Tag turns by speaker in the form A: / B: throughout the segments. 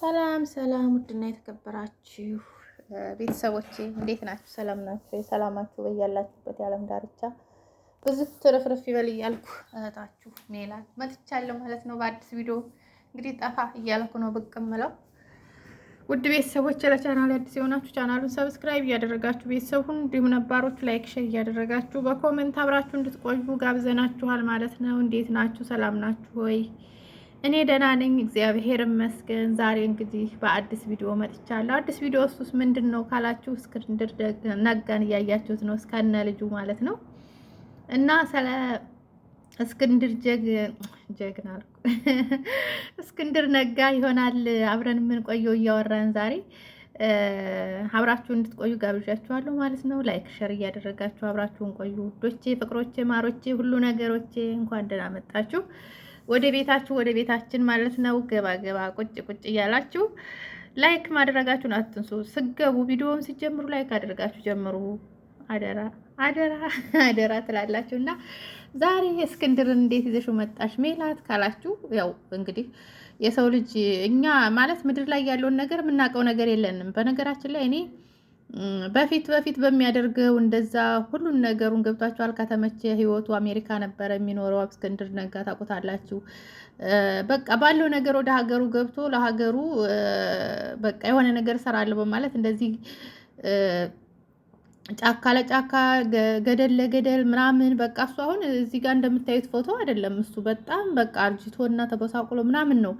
A: ሰላም ሰላም፣ ውድና የተከበራችሁ ቤተሰቦቼ እንዴት ናችሁ? ሰላም ናችሁ? ሰላማችሁ በያላችሁበት የዓለም ዳርቻ ብዙ ትርፍርፍ ይበል እያልኩ እህታችሁ ሜላት መጥቻለሁ ማለት ነው። በአዲስ ቪዲዮ እንግዲህ ጠፋ እያልኩ ነው ብቅ ውድ ቤተሰቦች ለቻናል አዲስ የሆናችሁ ቻናሉን ሰብስክራይብ እያደረጋችሁ ቤተሰቡን እንዲሁም ነባሮች ላይክ፣ ሼር እያደረጋችሁ በኮሜንት አብራችሁ እንድትቆዩ ጋብዘናችኋል ማለት ነው። እንዴት ናችሁ? ሰላም ናችሁ ወይ? እኔ ደህና ነኝ፣ እግዚአብሔር ይመስገን። ዛሬ እንግዲህ በአዲስ ቪዲዮ መጥቻለሁ። አዲስ ቪዲዮ ውስጥ ምንድን ነው ካላችሁ እስክንድር ነጋን እያያችሁት ነው፣ እስከነ ልጁ ማለት ነው። እና ስለ እስክንድር ጀግና አልኩ እስክንድር ነጋ ይሆናል አብረን የምንቆየው እያወራን ዛሬ አብራችሁ እንድትቆዩ ጋብዣችኋለሁ ማለት ነው። ላይክ ሸር እያደረጋችሁ አብራችሁን ቆዩ ውዶቼ፣ ፍቅሮቼ፣ ማሮቼ፣ ሁሉ ነገሮቼ እንኳን ደህና መጣችሁ። ወደ ቤታችሁ ወደ ቤታችን ማለት ነው። ገባ ገባ ቁጭ ቁጭ እያላችሁ ላይክ ማድረጋችሁን አትንሱ። ስገቡ ቪዲዮውን ሲጀምሩ ላይክ አድርጋችሁ ጀምሩ። አደራ አደራ አደራ ትላላችሁ እና ዛሬ እስክንድርን እንዴት ይዘሽው መጣሽ ሜላት ካላችሁ፣ ያው እንግዲህ የሰው ልጅ እኛ ማለት ምድር ላይ ያለውን ነገር የምናውቀው ነገር የለንም። በነገራችን ላይ እኔ በፊት በፊት በሚያደርገው እንደዛ ሁሉን ነገሩን ገብቷችኋል። ከተመቸ ህይወቱ አሜሪካ ነበረ የሚኖረው እስክንድር ነጋ ታውቁታላችሁ። በቃ ባለው ነገር ወደ ሀገሩ ገብቶ ለሀገሩ በቃ የሆነ ነገር እሰራለሁ በማለት እንደዚህ ጫካ ለጫካ ገደል ለገደል ምናምን በቃ እሱ አሁን እዚህ ጋር እንደምታዩት ፎቶ አይደለም። እሱ በጣም በቃ አርጅቶ እና ተበሳቁሎ ምናምን ነው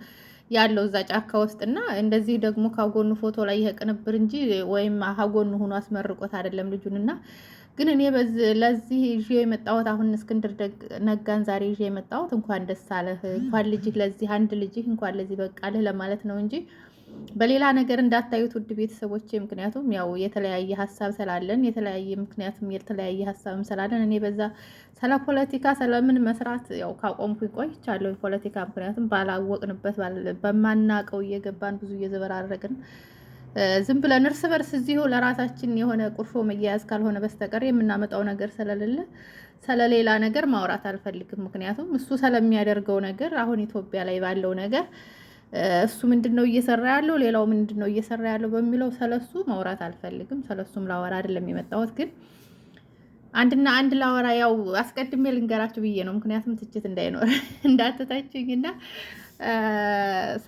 A: ያለው እዛ ጫካ ውስጥ እና እንደዚህ ደግሞ ካጎኑ ፎቶ ላይ ይሄ ቅንብር እንጂ ወይም ካጎኑ ሆኖ አስመርቆት አይደለም ልጁን እና ግን እኔ ለዚህ ይዤ የመጣሁት አሁን እስክንድር ነጋን ዛሬ ይዤ የመጣሁት እንኳን ደስ አለህ እንኳን ልጅህ ለዚህ አንድ ልጅህ እንኳን ለዚህ በቃልህ ለማለት ነው እንጂ በሌላ ነገር እንዳታዩት ውድ ቤተሰቦች፣ ምክንያቱም ያው የተለያየ ሀሳብ ስላለን የተለያየ ምክንያቱም የተለያየ ሀሳብም ስላለን እኔ በዛ ስለ ፖለቲካ ስለምን መስራት ያው ካቆምኩ ቆይቻለሁ። ፖለቲካ ምክንያቱም ባላወቅንበት በማናቀው እየገባን ብዙ እየዘበራረግን ዝም ብለን እርስ በርስ እዚሁ ለራሳችን የሆነ ቁርሾ መያያዝ ካልሆነ በስተቀር የምናመጣው ነገር ስለሌለ ስለሌላ ነገር ማውራት አልፈልግም። ምክንያቱም እሱ ስለሚያደርገው ነገር አሁን ኢትዮጵያ ላይ ባለው ነገር እሱ ምንድን ነው እየሰራ ያለው፣ ሌላው ምንድን ነው እየሰራ ያለው በሚለው ሰለሱ ማውራት አልፈልግም። ሰለሱም ላወራ አይደለም የመጣሁት ግን አንድና አንድ ላወራ ያው አስቀድሜ ልንገራችሁ ብዬ ነው። ምክንያቱም ትችት እንዳይኖር እንዳትታችኝ እና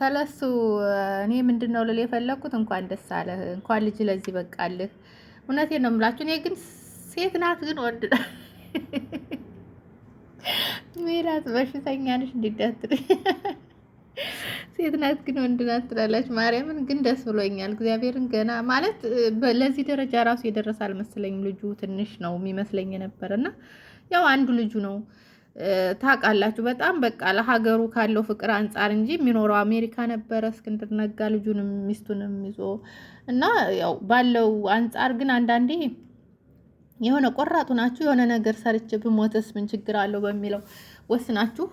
A: ሰለሱ እኔ ምንድን ነው ልል የፈለግኩት እንኳን ደስ አለህ፣ እንኳን ልጅ ለዚህ በቃልህ። እውነቴን ነው የምላችሁ። እኔ ግን ሴት ናት ግን ወንድ ሜላት በሽተኛ ነሽ እንዲዳትል ሴት ናት ግን ወንድ ናት ትላለች። ማርያምን ግን ደስ ብሎኛል እግዚአብሔርን ገና ማለት ለዚህ ደረጃ ራሱ የደረሰ አልመሰለኝም። ልጁ ትንሽ ነው የሚመስለኝ የነበረ እና ያው አንዱ ልጁ ነው ታውቃላችሁ። በጣም በቃ ለሀገሩ ካለው ፍቅር አንጻር እንጂ የሚኖረው አሜሪካ ነበረ። እስክንድር ነጋ ልጁንም ሚስቱንም ይዞ እና ያው ባለው አንጻር ግን አንዳንዴ የሆነ ቆራጡ ናችሁ የሆነ ነገር ሰርች ብሞትስ ምን ችግር አለው በሚለው ወስናችሁ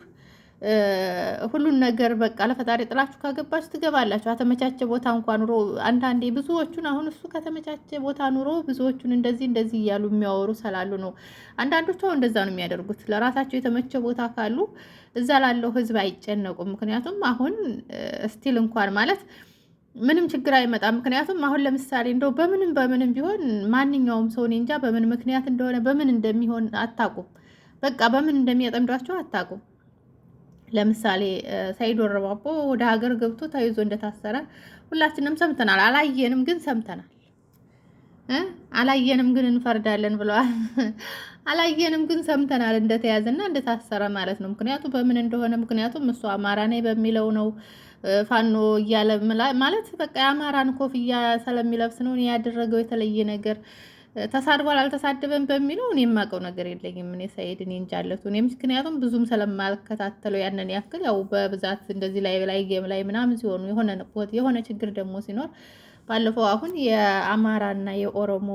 A: ሁሉን ነገር በቃ ለፈጣሪ ጥላችሁ ካገባችሁ ትገባላችሁ። ከተመቻቸ ቦታ እንኳ ኑሮ አንዳንዴ ብዙዎቹን አሁን እሱ ከተመቻቸ ቦታ ኑሮ ብዙዎቹን እንደዚህ እንደዚህ እያሉ የሚያወሩ ስላሉ ነው። አንዳንዶቹ አሁን እንደዛ ነው የሚያደርጉት። ለራሳቸው የተመቸ ቦታ ካሉ እዛ ላለው ህዝብ አይጨነቁም። ምክንያቱም አሁን ስቲል እንኳን ማለት ምንም ችግር አይመጣም። ምክንያቱም አሁን ለምሳሌ እንደው በምንም በምንም ቢሆን ማንኛውም ሰው እኔ እንጃ በምን ምክንያት እንደሆነ በምን እንደሚሆን አታውቁም። በቃ በምን እንደሚያጠምዷቸው አታውቁም። ለምሳሌ ሰይድ ወረባቦ ወደ ሀገር ገብቶ ተይዞ እንደታሰረ ሁላችንም ሰምተናል። አላየንም ግን ሰምተናል። አላየንም ግን እንፈርዳለን ብለዋል። አላየንም ግን ሰምተናል እንደተያዘና እንደታሰረ ማለት ነው። ምክንያቱ በምን እንደሆነ ምክንያቱም እሱ አማራ ነኝ በሚለው ነው ፋኖ እያለ ማለት በቃ የአማራን ኮፍያ ስለሚለብስ ነው ያደረገው የተለየ ነገር ተሳድቧል አልተሳደበም በሚለው እኔ የማውቀው ነገር የለኝም። እኔ ሰኢድ እኔ እንጃለቱ እኔ ምክንያቱም ብዙም ስለማልከታተለው ያንን ያክል ያው በብዛት እንደዚህ ላይ ላይ ጌም ላይ ምናምን ሲሆኑ የሆነ የሆነ ችግር ደግሞ ሲኖር ባለፈው አሁን የአማራና የኦሮሞ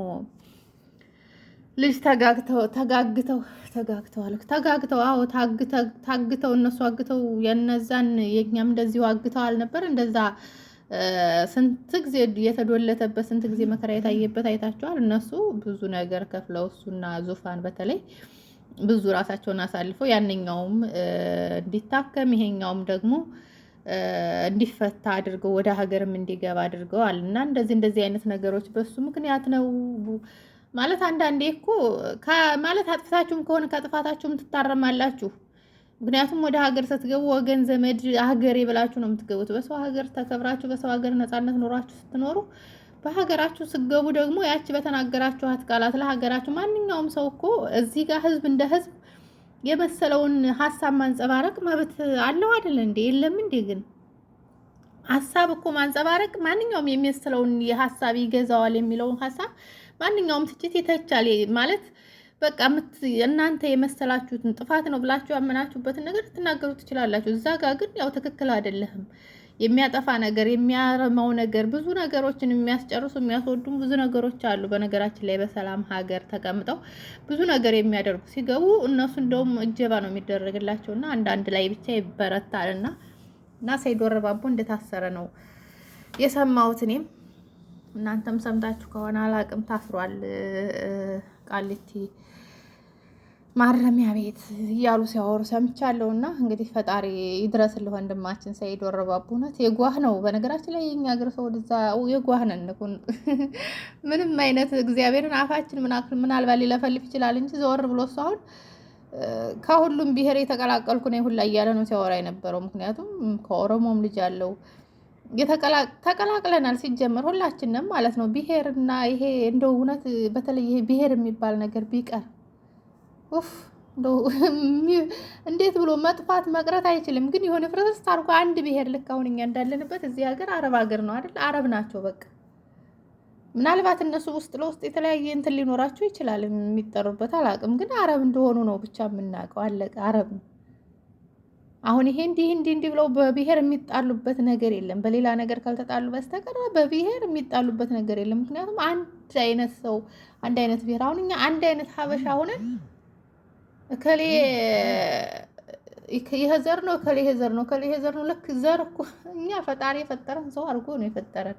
A: ልጅ ተጋግተው ተጋግተው ተጋግተዋል ተጋግተው አዎ ታግተው እነሱ አግተው የነዛን የእኛም እንደዚሁ አግተው አልነበር እንደዛ ስንት ጊዜ የተዶለተበት ስንት ጊዜ መከራ የታየበት አይታችኋል። እነሱ ብዙ ነገር ከፍለው እሱና ዙፋን በተለይ ብዙ ራሳቸውን አሳልፈው ያንኛውም እንዲታከም ይሄኛውም ደግሞ እንዲፈታ አድርገው ወደ ሀገርም እንዲገባ አድርገዋል። እና እንደዚህ እንደዚህ አይነት ነገሮች በሱ ምክንያት ነው ማለት አንዳንዴ እኮ ማለት አጥፍታችሁም ከሆነ ከጥፋታችሁም ትታረማላችሁ። ምክንያቱም ወደ ሀገር ስትገቡ ወገን ዘመድ ሀገሬ ብላችሁ ነው የምትገቡት። በሰው ሀገር ተከብራችሁ በሰው ሀገር ነፃነት ኖሯችሁ ስትኖሩ በሀገራችሁ ስገቡ ደግሞ ያቺ በተናገራችኋት ቃላት ለሀገራችሁ ማንኛውም ሰው እኮ እዚህ ጋር ህዝብ እንደ ህዝብ የመሰለውን ሀሳብ ማንጸባረቅ መብት አለው አይደለ እንዴ? የለም እንዴ? ግን ሀሳብ እኮ ማንጸባረቅ ማንኛውም የሚመስለውን ሀሳብ ይገዛዋል የሚለውን ሀሳብ ማንኛውም ትችት ይተቻል ማለት በቃ እናንተ የመሰላችሁትን ጥፋት ነው ብላችሁ ያመናችሁበትን ነገር ልትናገሩ ትችላላችሁ። እዛ ጋር ግን ያው ትክክል አይደለህም የሚያጠፋ ነገር የሚያረማው ነገር ብዙ ነገሮችን የሚያስጨርሱ የሚያስወዱም ብዙ ነገሮች አሉ። በነገራችን ላይ በሰላም ሀገር ተቀምጠው ብዙ ነገር የሚያደርጉ ሲገቡ እነሱ እንደውም እጀባ ነው የሚደረግላቸው እና አንዳንድ ላይ ብቻ ይበረታል እና እና ሰይድ ወረባቦ እንደታሰረ ነው የሰማሁት እኔም እናንተም ሰምታችሁ ከሆነ አላቅም ታስሯል። ቃሊቲ ማረሚያ ቤት እያሉ ሲያወሩ ሰምቻለሁ። እና እንግዲህ ፈጣሪ ይድረስ ለወንድማችን ሰይድ ወረባቡ። እውነት የጓህ ነው። በነገራችን ላይ የኛ ሀገር ሰው ወደዛ የጓህ ነን። ምንም አይነት እግዚአብሔርን አፋችን ምናክል ምናልባት ሊለፈልፍ ይችላል እንጂ ዘወር ብሎ እሱ አሁን ከሁሉም ብሔር የተቀላቀልኩ ነው ሁላ እያለ ነው ሲያወራ የነበረው። ምክንያቱም ከኦሮሞም ልጅ አለው ተቀላቅለናል ሲጀመር ሁላችንም ማለት ነው። ብሄርና ይሄ እንደ እውነት በተለይ ብሄር የሚባል ነገር ቢቀር ኡፍ እንዴት ብሎ መጥፋት መቅረት አይችልም። ግን የሆነ ፍርስርስ አድርጎ አንድ ብሄር ልክ አሁን እኛ እንዳለንበት እዚህ ሀገር አረብ ሀገር ነው አይደል? አረብ ናቸው በቃ። ምናልባት እነሱ ውስጥ ለውስጥ የተለያየ እንትን ሊኖራቸው ይችላል የሚጠሩበት አላውቅም። ግን አረብ እንደሆኑ ነው ብቻ የምናውቀው። አለቀ። አረብ ነው። አሁን ይሄ እንዲህ እንዲህ እንዲህ ብለው በብሔር የሚጣሉበት ነገር የለም። በሌላ ነገር ካልተጣሉ በስተቀር በብሔር የሚጣሉበት ነገር የለም። ምክንያቱም አንድ አይነት ሰው አንድ አይነት ብሔር አሁን እኛ አንድ አይነት ሀበሻ ሆነን እከሌ የዘር ነው እከሌ የዘር ነው እከሌ የዘር ነው ልክ ዘር እኮ እኛ ፈጣሪ የፈጠረን ሰው አድርጎ ነው የፈጠረን።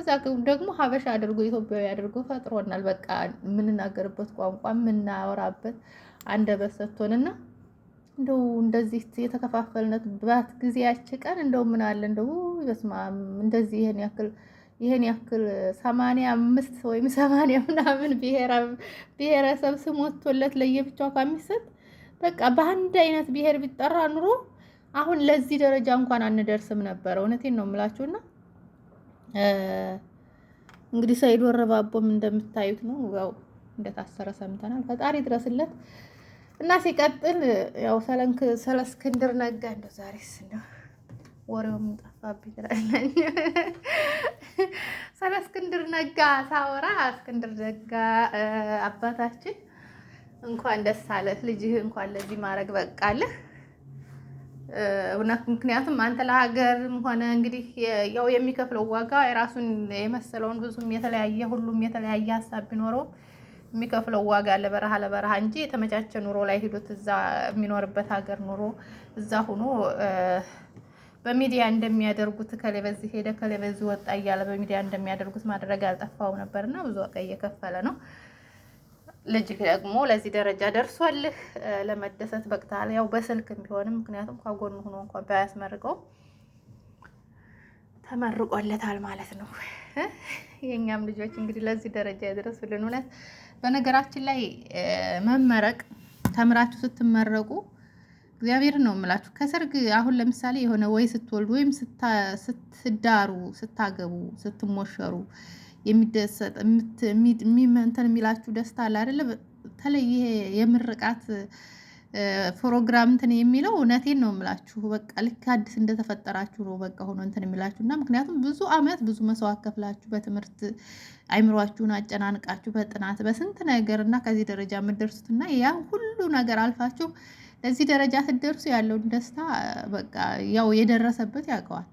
A: እዛ ደግሞ ሀበሻ አድርጎ ኢትዮጵያዊ አድርጎ ፈጥሮናል። በቃ የምንናገርበት ቋንቋ የምናወራበት አንደበት ሰጥቶንና እንደው እንደዚህ የተከፋፈልነት ባት ጊዜ ቀን እንደው ምን አለ እንደው በስመ እንደዚህ ይሄን ያክል ይሄን ያክል ሰማንያ አምስት ወይም ሰማንያ ምናምን ብሔረሰብ ስም ወጥቶለት ለየብቻው ከሚሰጥ በቃ በአንድ አይነት ብሔር ቢጠራ ኑሮ አሁን ለዚህ ደረጃ እንኳን አንደርስም ነበር። እውነቴን ነው የምላችሁና እንግዲህ ሰይድ ወረባቦም እንደምታዩት ነው ያው እንደታሰረ ሰምተናል። ፈጣሪ ድረስለት። እና ሲቀጥል ያው ስለ እስክንድር ነጋ እንደው ዛሬስ እንደው ወሬውም ጠፋብኝ ትላለች። ስለ እስክንድር ነጋ ሳወራ እስክንድር ነጋ አባታችን እንኳን ደስ አለህ፣ ልጅህ እንኳን ለዚህ ማድረግ በቃልህ። እውነት ምክንያቱም አንተ ለሀገርም ሆነ እንግዲህ ያው የሚከፍለው ዋጋ የራሱን የመሰለውን ብዙም የተለያየ ሁሉም የተለያየ ሀሳብ ቢኖረውም የሚከፍለው ዋጋ ለበረሃ ለበረሃ እንጂ የተመቻቸ ኑሮ ላይ ሂዶት እዛ የሚኖርበት ሀገር ኑሮ እዛ ሆኖ በሚዲያ እንደሚያደርጉት ከሌ በዚህ ሄደ ከሌ በዚህ ወጣ እያለ በሚዲያ እንደሚያደርጉት ማድረግ ነበር ነበርና ብዙ ዋጋ እየከፈለ ነው። ልጅ ደግሞ ለዚህ ደረጃ ደርሷልህ ለመደሰት በቅታል። ያው በስልክ ቢሆንም ምክንያቱም ከጎኑ ሆኖ እንኳን ባያስመርቀው ተመርቆለታል ማለት ነው። የእኛም ልጆች እንግዲህ ለዚህ ደረጃ ያደረሱልን እውነት በነገራችን ላይ መመረቅ ተምራችሁ ስትመረቁ እግዚአብሔር ነው የምላችሁ። ከሰርግ አሁን ለምሳሌ የሆነ ወይ ስትወልዱ ወይም ስትዳሩ፣ ስታገቡ፣ ስትሞሸሩ የሚደሰጥ እንትን የሚላችሁ ደስታ አለ አይደለ? በተለይ ይሄ የምርቃት ፕሮግራም እንትን የሚለው እውነቴን ነው የምላችሁ። በቃ ልክ አዲስ እንደተፈጠራችሁ ነው በቃ ሆኖ እንትን የሚላችሁ እና ምክንያቱም ብዙ አመት ብዙ መስዋዕት ከፍላችሁ በትምህርት አይምሯችሁን አጨናንቃችሁ በጥናት በስንት ነገር እና ከዚህ ደረጃ የምደርሱት እና ያ ሁሉ ነገር አልፋችሁ ለዚህ ደረጃ ስደርሱ ያለውን ደስታ በቃ ያው የደረሰበት ያውቀዋል።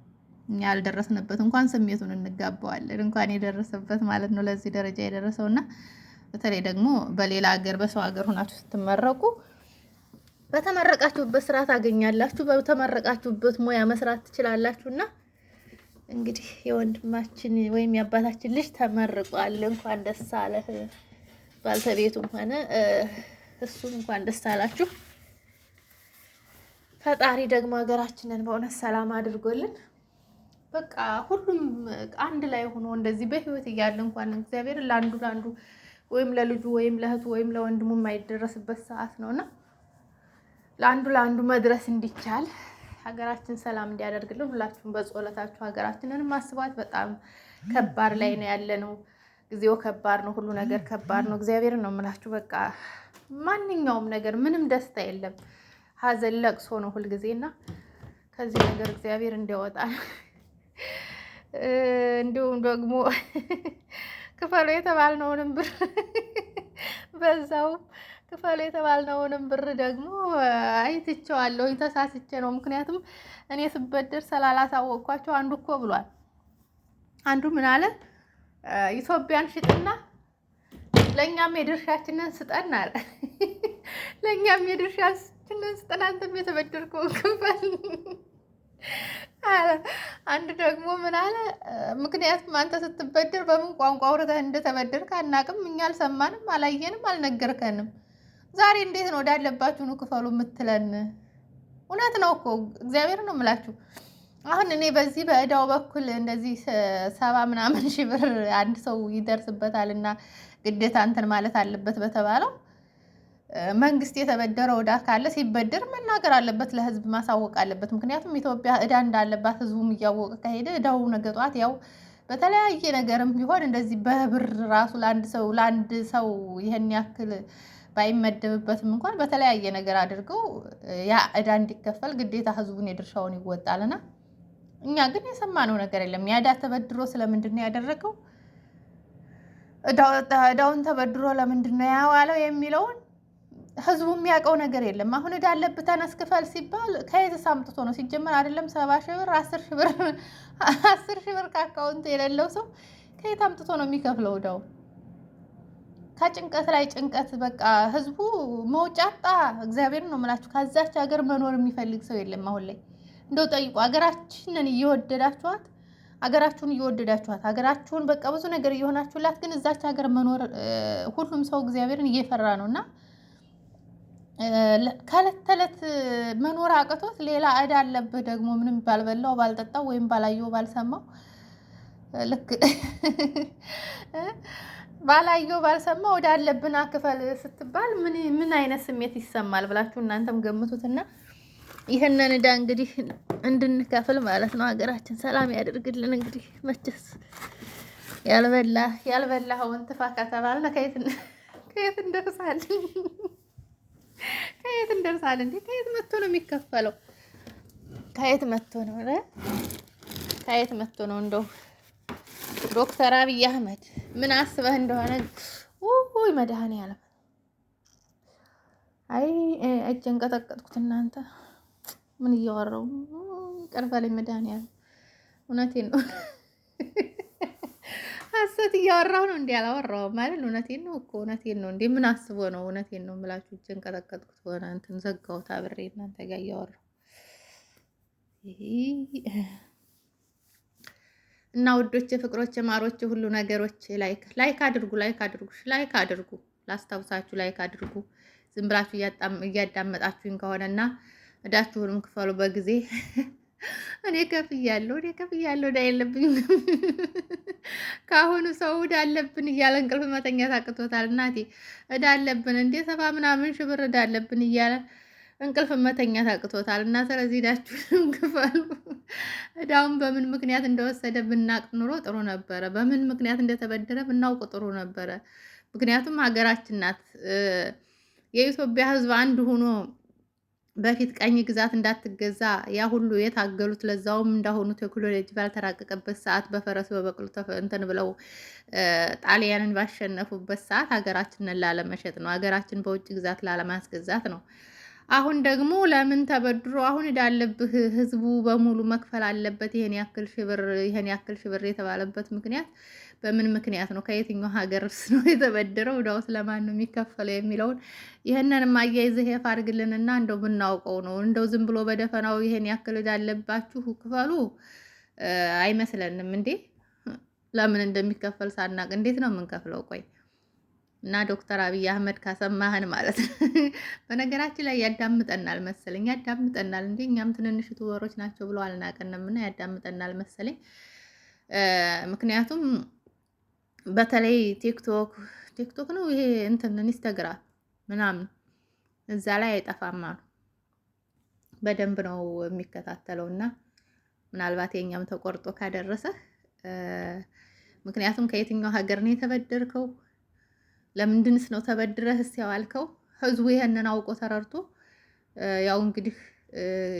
A: ያልደረስንበት እንኳን ስሜቱን እንጋባዋለን፣ እንኳን የደረሰበት ማለት ነው ለዚህ ደረጃ የደረሰው እና በተለይ ደግሞ በሌላ ሀገር በሰው ሀገር ሆናችሁ ስትመረቁ በተመረቃችሁበት ስራ ታገኛላችሁ፣ በተመረቃችሁበት ሙያ መስራት ትችላላችሁ ና እንግዲህ የወንድማችን ወይም የአባታችን ልጅ ተመርቋል። እንኳን ደስ አለህ ባልተቤቱም ሆነ እሱም እንኳን ደስ አላችሁ። ፈጣሪ ደግሞ ሀገራችንን በእውነት ሰላም አድርጎልን በቃ ሁሉም አንድ ላይ ሆኖ እንደዚህ በህይወት እያለ እንኳን እግዚአብሔር ለአንዱ ለአንዱ ወይም ለልጁ ወይም ለእህቱ ወይም ለወንድሙ የማይደረስበት ሰዓት ነውና ለአንዱ ለአንዱ መድረስ እንዲቻል ሀገራችን ሰላም እንዲያደርግልን ሁላችሁም በጸሎታችሁ ሀገራችንን ማስባት። በጣም ከባድ ላይ ነው ያለ ነው። ጊዜው ከባድ ነው። ሁሉ ነገር ከባድ ነው። እግዚአብሔርን ነው የምላችሁ። በቃ ማንኛውም ነገር ምንም ደስታ የለም። ሀዘን ለቅሶ ነው ሁልጊዜ እና ከዚህ ነገር እግዚአብሔር እንዲያወጣ እንዲሁም ደግሞ ክፈሉ የተባልነውንም ብር በዛው ክፈል የተባልነውንም ብር ደግሞ አይትቸዋለሁ፣ ተሳስቼ ነው። ምክንያቱም እኔ ስበድር ስላላሳወቅኳቸው አንዱ እኮ ብሏል። አንዱ ምን አለ? ኢትዮጵያን ሽጥና ለእኛም የድርሻችንን ስጠን አለ። ለእኛም የድርሻችንን ስጠን፣ አንተም የተበደርከውን ክፈል አለ። አንድ ደግሞ ምን አለ? ምክንያቱም አንተ ስትበድር በምን ቋንቋ አውርተህ እንደተበደርክ አናቅም፣ እኛ አልሰማንም፣ አላየንም፣ አልነገርከንም ዛሬ እንዴት ነው ወዳለባችሁ ነው ክፈሉ የምትለን? እውነት ነው እኮ እግዚአብሔር ነው የምላችሁ። አሁን እኔ በዚህ በእዳው በኩል እንደዚህ ሰባ ምናምን ሺህ ብር አንድ ሰው ይደርስበታል እና ግዴታ እንትን ማለት አለበት በተባለው መንግስት የተበደረው እዳ ካለ ሲበደር መናገር አለበት፣ ለህዝብ ማሳወቅ አለበት። ምክንያቱም ኢትዮጵያ እዳ እንዳለባት ህዝቡም እያወቀ ከሄደ እዳው ነገ ጠዋት ያው በተለያየ ነገርም ቢሆን እንደዚህ በብር ራሱ ለአንድ ሰው ለአንድ ሰው ያክል ባይመደብበትም እንኳን በተለያየ ነገር አድርገው ያ እዳ እንዲከፈል ግዴታ ህዝቡን የድርሻውን ይወጣልና እኛ ግን የሰማነው ነገር የለም። ያዳ ተበድሮ ስለምንድን ነው ያደረገው እዳውን ተበድሮ ለምንድን ነው ያዋለው የሚለውን ህዝቡ የሚያውቀው ነገር የለም። አሁን እዳ አለብህ ተነስ ክፈል ሲባል ከየትስ ሳምጥቶ ነው? ሲጀመር አይደለም ሰባ ሺህ ብር አስር ሺህ ብር አስር ሺህ ብር ከአካውንት የሌለው ሰው ከየት አምጥቶ ነው የሚከፍለው ዕዳውን? ከጭንቀት ላይ ጭንቀት በቃ ህዝቡ መውጫ አጣ። እግዚአብሔር ነው የምላችሁ። ከዛች ሀገር መኖር የሚፈልግ ሰው የለም አሁን ላይ እንደው ጠይቁ። ሀገራችንን እየወደዳችኋት፣ ሀገራችሁን እየወደዳችኋት፣ ሀገራችሁን በቃ ብዙ ነገር እየሆናችሁላት፣ ግን እዛች ሀገር መኖር ሁሉም ሰው እግዚአብሔርን እየፈራ ነው እና ከእለት ተዕለት መኖር አቅቶት ሌላ እዳ አለብህ ደግሞ ምንም ባልበላው ባልጠጣው ወይም ባላየው ባልሰማው ልክ ባላየው ባልሰማ ወደ አለብን አክፈል ስትባል ምን ምን አይነት ስሜት ይሰማል ብላችሁ እናንተም ገምቱትና ይህንን ዕዳ እንግዲህ እንድንከፍል ማለት ነው። ሀገራችን ሰላም ያደርግልን። እንግዲህ መቼስ ያልበላ ያልበላኸውን ትፋ ከተባልን ከየት ከየት እንደርሳለን? ከየት እንደርሳለን? እንዴ ከየት መጥቶ ነው የሚከፈለው? ከየት መጥቶ ነው? ከየት መጥቶ ነው? እንደው ዶክተር አብይ አህመድ ምን አስበህ እንደሆነ ውይ መድኃኒዓለም አይ እጄን ቀጠቀጥኩት። እናንተ ምን እያወራው ቀርፋ ላይ መድኃኒዓለም እውነቴን ነው። ሀሰት እያወራሁ ነው እንዲ አላወራሁም ማለት እውነቴን ነው እኮ እውነቴን ነው። እንዲ ምን አስቦ ነው እውነቴን ነው የምላችሁ። እጄን ቀጠቀጥኩት ሆነ እንትን ዘጋሁት አብሬ እናንተ ጋር እያወራሁ እና ውዶች ፍቅሮች ማሮች ሁሉ ነገሮች ላይክ ላይክ አድርጉ ላይክ አድርጉ ላይክ አድርጉ ላስታውሳችሁ ላይክ አድርጉ። ዝም ብላችሁ እያዳመጣችሁኝ ከሆነና እዳችሁንም ክፈሉ በጊዜ እኔ ከፍያለሁ እኔ ከፍያለሁ እዳ የለብኝም። ከአሁኑ ሰው እዳ አለብን እያለ እንቅልፍ መተኛት አቅቶታል። እናቴ እዳ አለብን እንዴ ሰባ ምናምን ሽብር ብር እዳ አለብን እያለ እንቅልፍ መተኛ ታቅቶታል እና ስለዚህ ክፈሉ። እዳውን በምን ምክንያት እንደወሰደ ብናቅ ኑሮ ጥሩ ነበረ። በምን ምክንያት እንደተበደረ ብናውቅ ጥሩ ነበረ። ምክንያቱም ሀገራችን ናት። የኢትዮጵያ ሕዝብ አንድ ሆኖ በፊት ቀኝ ግዛት እንዳትገዛ ያ ሁሉ የታገሉት ለዛውም እንዳሆኑ ቴክኖሎጂ ባልተራቀቀበት ሰዓት በፈረስ በበቅሎ እንትን ብለው ጣሊያንን ባሸነፉበት ሰዓት ሀገራችንን ላለመሸጥ ነው። ሀገራችን በውጭ ግዛት ላለማስገዛት ነው። አሁን ደግሞ ለምን ተበድሮ አሁን እዳለብህ ህዝቡ በሙሉ መክፈል አለበት ይሄን ያክል ሺህ ይሄን ያክል ሺህ የተባለበት ምክንያት በምን ምክንያት ነው? ከየትኛው ሀገርስ ነው የተበደረው? እዳውስ ለማን ነው የሚከፈለው የሚለውን ይህንንም አያይዘህ ይሄፍ አድርግልንና እንደው ብናውቀው ነው። እንደው ዝም ብሎ በደፈናው ይሄን ያክል እዳለባችሁ ክፈሉ አይመስለንም እንዴ? ለምን እንደሚከፈል ሳናቅ እንዴት ነው የምንከፍለው? ቆይ እና ዶክተር አብይ አህመድ ካሰማህን ማለት ነው። በነገራችን ላይ ያዳምጠናል መሰለኝ ያዳምጠናል። እንዲ እኛም ትንንሽ ቱበሮች ናቸው ብሎ አልናቀንም እና ያዳምጠናል መሰለኝ። ምክንያቱም በተለይ ቲክቶክ ቲክቶክ ነው ይሄ እንትን ኢንስተግራም ምናምን እዛ ላይ አይጠፋማ ነው በደንብ ነው የሚከታተለው እና ምናልባት የኛም ተቆርጦ ካደረሰ ምክንያቱም ከየትኛው ሀገር ነው የተበደርከው ለምንድንስ ነው ተበድረህስ ያዋልከው? ህዝቡ ይሄንን አውቆ ተረድቶ ያው እንግዲህ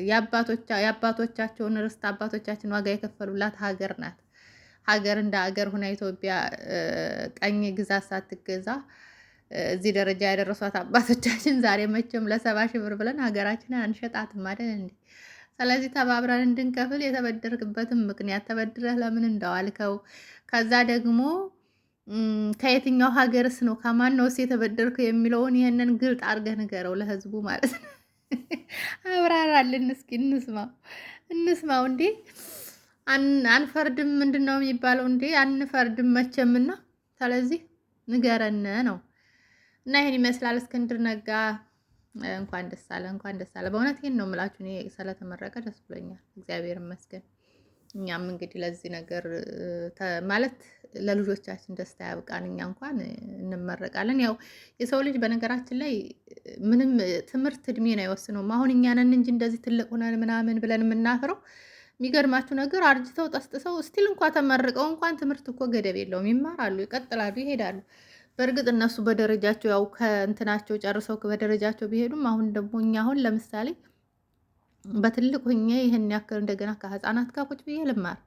A: የአባቶቻቸውን ርስት አባቶቻችን ዋጋ የከፈሉላት ሀገር ናት። ሀገር እንደ ሀገር ሁና ኢትዮጵያ ቀኝ ግዛት ሳትገዛ እዚህ ደረጃ ያደረሷት አባቶቻችን ዛሬ መቼም ለሰባ ሺህ ብር ብለን ሀገራችንን አንሸጣትም አይደል እንዴ? ስለዚህ ተባብረን እንድንከፍል የተበደርክበትን ምክንያት ተበድረህ ለምን እንደዋልከው ከዛ ደግሞ ከየትኛው ሀገርስ ነው ከማን ነውስ የተበደርከው የሚለውን ይህንን ግልጥ አድርገህ ንገረው ለህዝቡ ማለት ነው። አብራራልን እስኪ እንስማው እንስማው። እንዴ አንፈርድም ምንድን ነው የሚባለው? እንዴ አንፈርድም መቼምና ስለዚህ ንገረን ነው እና ይህን ይመስላል። እስክንድር ነጋ እንኳን ደስ አለ፣ እንኳን ደስ አለ። በእውነት ይህን ነው የምላችሁ። እኔ ስለተመረቀ ደስ ብሎኛል። እግዚአብሔር ይመስገን። እኛም እንግዲህ ለዚህ ነገር ማለት ለልጆቻችን ደስታ ያብቃን። እኛ እንኳን እንመረቃለን። ያው የሰው ልጅ በነገራችን ላይ ምንም ትምህርት እድሜን አይወስነውም። አሁን እኛ ነን እንጂ እንደዚህ ትልቅ ሆነን ምናምን ብለን የምናፍረው። የሚገርማችሁ ነገር አርጅተው ጠስጥሰው ስቲል እንኳ ተመርቀው እንኳን ትምህርት እኮ ገደብ የለውም። ይማራሉ፣ ይቀጥላሉ፣ ይሄዳሉ። በእርግጥ እነሱ በደረጃቸው ያው ከእንትናቸው ጨርሰው በደረጃቸው ቢሄዱም አሁን ደግሞ እኛ አሁን ለምሳሌ በትልቅ ሆኜ ይህን ያክል እንደገና ከህፃናት ጋር ቁጭ ብዬ ልማር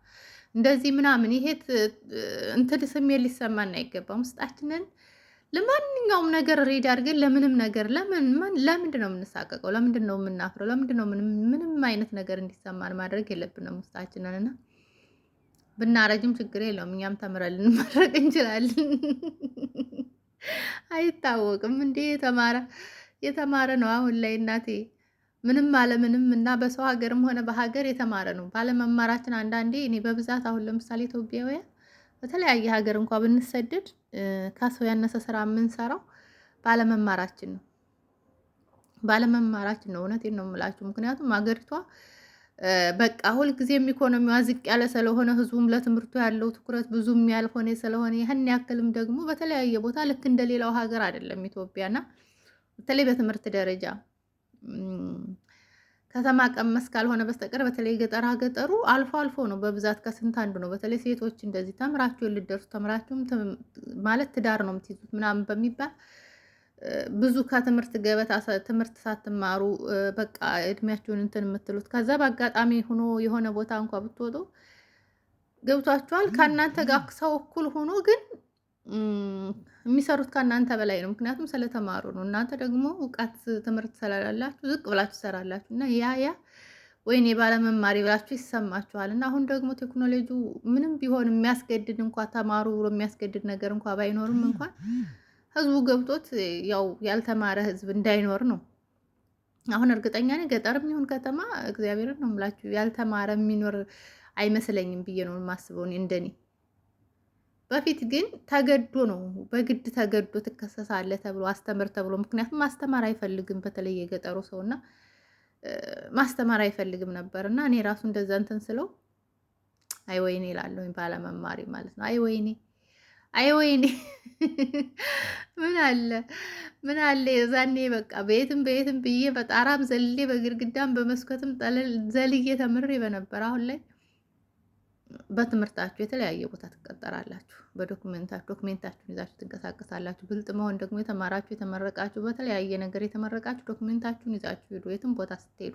A: እንደዚህ ምናምን ይሄ እንትን ስሜ ሊሰማን አይገባም። ውስጣችንን ለማንኛውም ነገር ሬድ አድርገን ለምንም ነገር ለምን ለምንድን ነው የምንሳቀቀው? ለምንድን ነው የምናፍረው? ለምንድን ነው ምንም አይነት ነገር እንዲሰማን ማድረግ የለብንም ውስጣችንን እና ብናረጅም ችግር የለውም። እኛም ተምረን ልንመረቅ እንችላለን። አይታወቅም እንዴ የተማረ የተማረ ነው አሁን ላይ እናቴ ምንም አለምንም እና በሰው ሀገርም ሆነ በሀገር የተማረ ነው። ባለመማራችን አንዳንዴ እኔ በብዛት አሁን ለምሳሌ ኢትዮጵያውያን በተለያየ ሀገር እንኳ ብንሰደድ ከሰው ያነሰ ስራ የምንሰራው ባለመማራችን ነው። ባለመማራችን ነው። እውነቴን ነው የምላችሁ። ምክንያቱም ሀገሪቷ በቃ ሁልጊዜም ኢኮኖሚዋ ዝቅ ያለ ስለሆነ ህዝቡም ለትምህርቱ ያለው ትኩረት ብዙም ያልሆነ ስለሆነ ይህን ያክልም ደግሞ በተለያየ ቦታ ልክ እንደሌላው ሀገር አይደለም ኢትዮጵያና በተለይ በትምህርት ደረጃ ከተማ ቀመስ ካልሆነ በስተቀር በተለይ ገጠራ ገጠሩ አልፎ አልፎ ነው፣ በብዛት ከስንት አንዱ ነው። በተለይ ሴቶች እንደዚህ ተምራችሁ ልደርሱ ተምራችሁም ማለት ትዳር ነው የምትይዙት ምናምን በሚባል ብዙ ከትምህርት ገበታ ትምህርት ሳትማሩ በቃ እድሜያችሁን እንትን የምትሉት ከዛ በአጋጣሚ ሆኖ የሆነ ቦታ እንኳ ብትወጡ ገብቷችኋል። ከእናንተ ጋር ሰው እኩል ሆኖ ግን የሚሰሩት ከእናንተ በላይ ነው። ምክንያቱም ስለተማሩ ነው። እናንተ ደግሞ እውቀት ትምህርት ስላላላችሁ ዝቅ ብላችሁ ትሰራላችሁ እና ያ ያ ወይኔ ባለመማሪ ብላችሁ ይሰማችኋል። እና አሁን ደግሞ ቴክኖሎጂ ምንም ቢሆን የሚያስገድድ እንኳ ተማሩ ብሎ የሚያስገድድ ነገር እንኳ ባይኖርም እንኳን ህዝቡ ገብቶት ያው ያልተማረ ህዝብ እንዳይኖር ነው። አሁን እርግጠኛ ነኝ ገጠርም ይሁን ከተማ እግዚአብሔርን ነው የምላችሁ ያልተማረ የሚኖር አይመስለኝም ብዬ ነው የማስበው እንደኔ በፊት ግን ተገዶ ነው በግድ ተገዶ ትከሰሳለ ተብሎ አስተምር ተብሎ ምክንያቱም ማስተማር አይፈልግም በተለይ የገጠሩ ሰውና ማስተማር አይፈልግም ነበር እና እኔ ራሱ እንደዛ እንትን ስለው አይ ወይኔ እላለሁኝ ባለመማሪ ማለት ነው። አይ ወይኔ አይ ወይኔ ምን አለ ምን አለ የዛኔ በቃ በየትም በየትም ብዬ በጣራም ዘልሌ በግድግዳም በመስኮትም ጠለል ዘልዬ ተምሬ በነበር አሁን ላይ በትምህርታችሁ የተለያየ ቦታ ትቀጠራላችሁ። በዶክሜንታችሁ ዶክሜንታችሁን ይዛችሁ ትንቀሳቀሳላችሁ። ብልጥ መሆን ደግሞ የተማራችሁ የተመረቃችሁ፣ በተለያየ ነገር የተመረቃችሁ ዶክሜንታችሁን ይዛችሁ ሄዱ። የትም ቦታ ስትሄዱ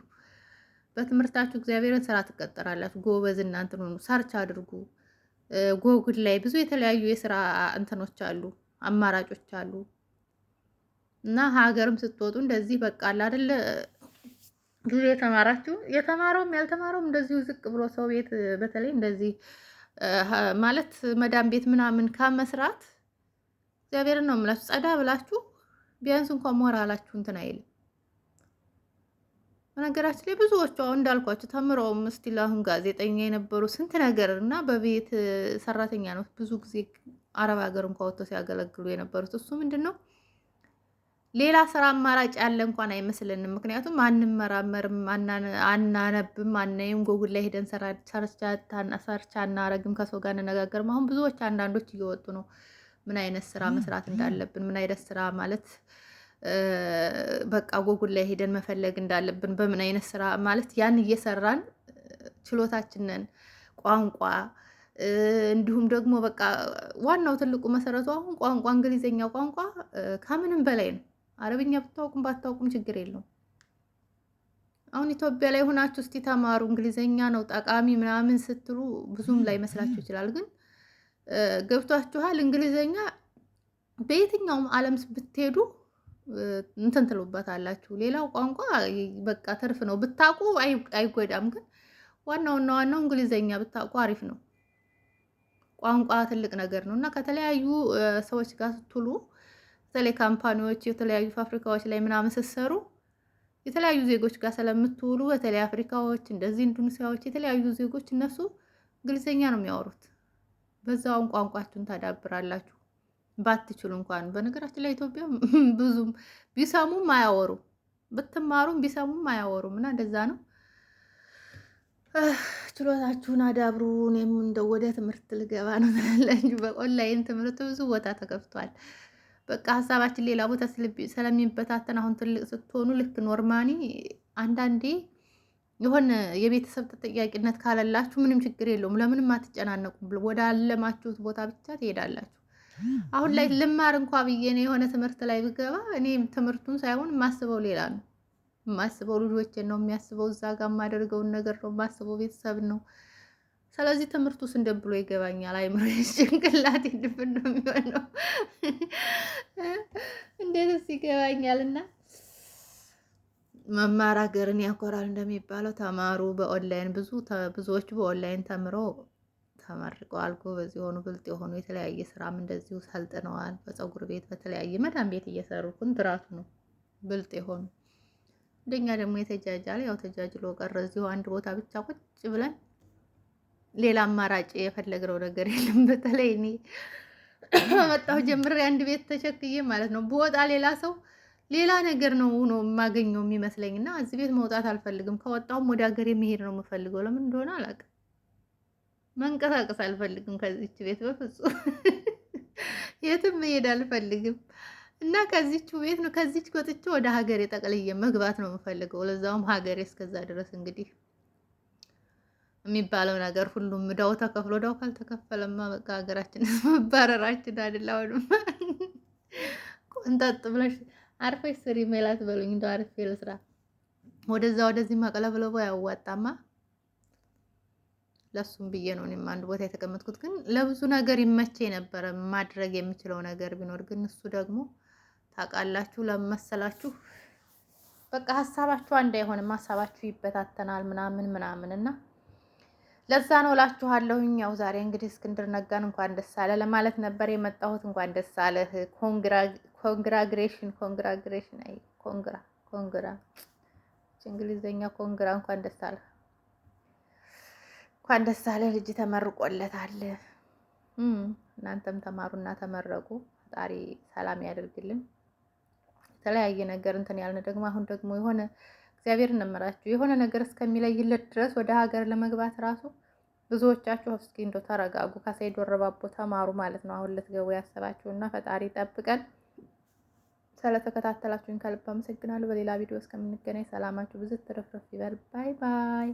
A: በትምህርታችሁ እግዚአብሔርን ስራ ትቀጠራላችሁ። ጎበዝ እናንትን ሆኑ፣ ሰርች አድርጉ። ጎግል ላይ ብዙ የተለያዩ የስራ እንትኖች አሉ፣ አማራጮች አሉ እና ሀገርም ስትወጡ እንደዚህ በቃ አለ አይደለ ጊዜ የተማራችሁ የተማረውም ያልተማረውም እንደዚሁ ዝቅ ብሎ ሰው ቤት በተለይ እንደዚህ ማለት መዳም ቤት ምናምን ከመስራት እግዚአብሔርን ነው የምላችሁ፣ ጸዳ ብላችሁ ቢያንስ እንኳን ሞራላችሁ እንትን አይልም። በነገራችን ላይ ብዙዎቹ አሁን እንዳልኳቸው ተምረውም እስቲል አሁን ጋዜጠኛ የነበሩ ስንት ነገር እና በቤት ሰራተኛ ነው ብዙ ጊዜ አረብ ሀገር እንኳ ወጥተው ሲያገለግሉ የነበሩት እሱ ምንድን ነው ሌላ ስራ አማራጭ ያለ እንኳን አይመስልንም። ምክንያቱም አንመራመርም፣ አናነብም፣ አናይም፣ ጎጉል ላይ ሄደን ሰርች አናረግም፣ ከሰው ጋር አንነጋገርም። አሁን ብዙዎች አንዳንዶች እየወጡ ነው ምን አይነት ስራ መስራት እንዳለብን፣ ምን አይነት ስራ ማለት በቃ ጎጉል ላይ ሄደን መፈለግ እንዳለብን፣ በምን አይነት ስራ ማለት ያን እየሰራን ችሎታችንን ቋንቋ እንዲሁም ደግሞ በቃ ዋናው ትልቁ መሰረቱ አሁን ቋንቋ እንግሊዝኛ ቋንቋ ከምንም በላይ ነው። አረብኛ ብታውቁም ባታውቁም ችግር የለውም። አሁን ኢትዮጵያ ላይ ሆናችሁ እስቲ ተማሩ፣ እንግሊዘኛ ነው ጠቃሚ ምናምን ስትሉ ብዙም ላይ መስላችሁ ይችላል። ግን ገብቷችኋል። እንግሊዘኛ በየትኛውም ዓለም ብትሄዱ እንትን ትሉበታላችሁ። ሌላው ቋንቋ በቃ ትርፍ ነው፣ ብታውቁ አይጎዳም። ግን ዋናውና ዋናው እንግሊዘኛ ብታውቁ አሪፍ ነው። ቋንቋ ትልቅ ነገር ነው እና ከተለያዩ ሰዎች ጋር ስትሉ በተለይ ካምፓኒዎች የተለያዩ ፋብሪካዎች ላይ ምናምን ስትሰሩ የተለያዩ ዜጎች ጋር ስለምትውሉ በተለይ አፍሪካዎች እንደዚህ ኢንዶኔሲያዎች የተለያዩ ዜጎች እነሱ እንግሊዝኛ ነው የሚያወሩት። በዛውን ቋንቋችሁን ታዳብራላችሁ ባትችሉ እንኳን። በነገራችን ላይ ኢትዮጵያ ብዙም ቢሰሙም አያወሩም፣ ብትማሩም ቢሰሙም አያወሩም እና እንደዛ ነው። ችሎታችሁን አዳብሩ። እኔም እንደው ወደ ትምህርት ልገባ ነው ትላለች። በኦንላይን ትምህርት ብዙ ቦታ ተከፍቷል። በቃ ሀሳባችን ሌላ ቦታ ስለሚበታተን አሁን ትልቅ ስትሆኑ ልክ ኖርማኒ አንዳንዴ የሆነ የቤተሰብ ተጠያቂነት ካለላችሁ ምንም ችግር የለውም፣ ለምንም አትጨናነቁም ብሎ ወደ አለማችሁት ቦታ ብቻ ትሄዳላችሁ። አሁን ላይ ልማር እንኳ ብዬ ነው የሆነ ትምህርት ላይ ብገባ እኔ ትምህርቱን ሳይሆን የማስበው ሌላ ነው የማስበው ልጆቼን ነው የሚያስበው እዛ ጋር የማደርገውን ነገር ነው የማስበው ቤተሰብ ነው ስለዚህ ትምህርት ውስጥ እንደ ብሎ ይገባኛል። አይምሮ ጭንቅላት ድፍን ነው የሚሆነው። እንዴት ውስጥ ይገባኛል። እና መማር ሀገርን ያኮራል እንደሚባለው ተማሩ። በኦንላይን ብዙ ብዙዎች በኦንላይን ተምረው ተመርቀዋል። ጎበዝ የሆኑ ብልጥ የሆኑ የተለያየ ስራም እንደዚሁ ሰልጥነዋል። በፀጉር ቤት በተለያየ መዳም ቤት እየሰሩ ኩንትራቱ ነው ብልጥ የሆኑ እንደኛ ደግሞ የተጃጃለ ያው ተጃጅሎ ቀረ እዚሁ አንድ ቦታ ብቻ ቁጭ ብለን ሌላ አማራጭ የፈለግነው ነገር የለም። በተለይ እኔ መጣሁ ጀምሬ አንድ ቤት ተቸክዬ ማለት ነው ብወጣ ሌላ ሰው ሌላ ነገር ነው ነው የማገኘው የሚመስለኝ እና እዚህ ቤት መውጣት አልፈልግም። ከወጣሁም ወደ ሀገር የመሄድ ነው የምፈልገው። ለምን እንደሆነ አላውቅም። መንቀሳቀስ አልፈልግም ከዚች ቤት በፍጹም የትም መሄድ አልፈልግም እና ከዚች ቤት ነው ከዚች ወጥቼ ወደ ሀገሬ ጠቅልዬ መግባት ነው የምፈልገው። ለዛውም ሀገሬ እስከዛ ድረስ እንግዲህ የሚባለው ነገር ሁሉም ዳው ተከፍሎ ዳው ካልተከፈለማ በቃ ሀገራችን መባረራችን አይደል? አሁንም ቆንጠጥ ብለሽ አርፈሽ ስሪ። ሜላት በሉኝ እንደው አርፌ ልስራ ወደዛ ወደዚህ ማቀለብለቦ ያዋጣማ። ለሱም ብዬ ነው እኔም አንድ ቦታ የተቀመጥኩት። ግን ለብዙ ነገር ይመቼ ነበረ ማድረግ የምችለው ነገር ቢኖር ግን እሱ ደግሞ ታውቃላችሁ ለመሰላችሁ በቃ ሀሳባችሁ አንድ አይሆንም፣ ሀሳባችሁ ይበታተናል ምናምን ምናምን እና ለዛ ነው እላችኋለሁኝ። ያው ዛሬ እንግዲህ እስክንድር ነጋን እንኳን ደስ አለ ለማለት ነበር የመጣሁት። እንኳን ደስ አለህ። ኮንግራግሬሽን ኮንግራግሬሽን። አይ ኮንግራ ኮንግራ፣ እንግሊዘኛ ኮንግራ። እንኳን ደስ አለ እንኳን ደስ አለ። ልጅ ተመርቆለታል። እናንተም ተማሩና ተመረቁ። ፈጣሪ ሰላም ያደርግልን። የተለያየ ነገር እንትን ያልን ደግሞ አሁን ደግሞ የሆነ እግዚአብሔር እንምላችሁ የሆነ ነገር እስከሚለይለት ድረስ ወደ ሀገር ለመግባት ራሱ ብዙዎቻችሁ እስኪ እንደው ተረጋጉ፣ ከሰይድ ወረባቦ ተማሩ ማለት ነው። አሁን ልትገቡ ያሰባችሁና ፈጣሪ ጠብቀን። ስለተከታተላችሁን ከልብ አመሰግናለሁ። በሌላ ቪዲዮ እስከምንገናኝ ሰላማችሁ ብዙ ትርፍርፍ ይበል። ባይ ባይ።